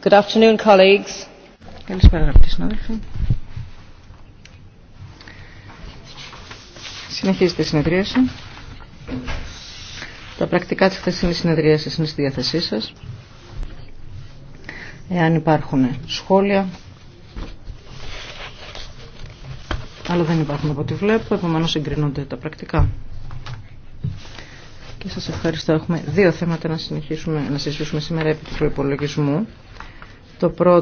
Καλησπέρα αγαπητοί συνάδελφοι. Συνεχίζεται η συνεδρίαση. Τα πρακτικά της χθεσινής συνεδρίαση είναι στη διάθεσή σας. Εάν υπάρχουν σχόλια, αλλά δεν υπάρχουν από ό,τι βλέπω, επομένω συγκρίνονται τα πρακτικά. Και σας ευχαριστώ. Έχουμε δύο θέματα να, συνεχίσουμε, να συζητήσουμε σήμερα επί του προϋπολογισμού. Το πρώτο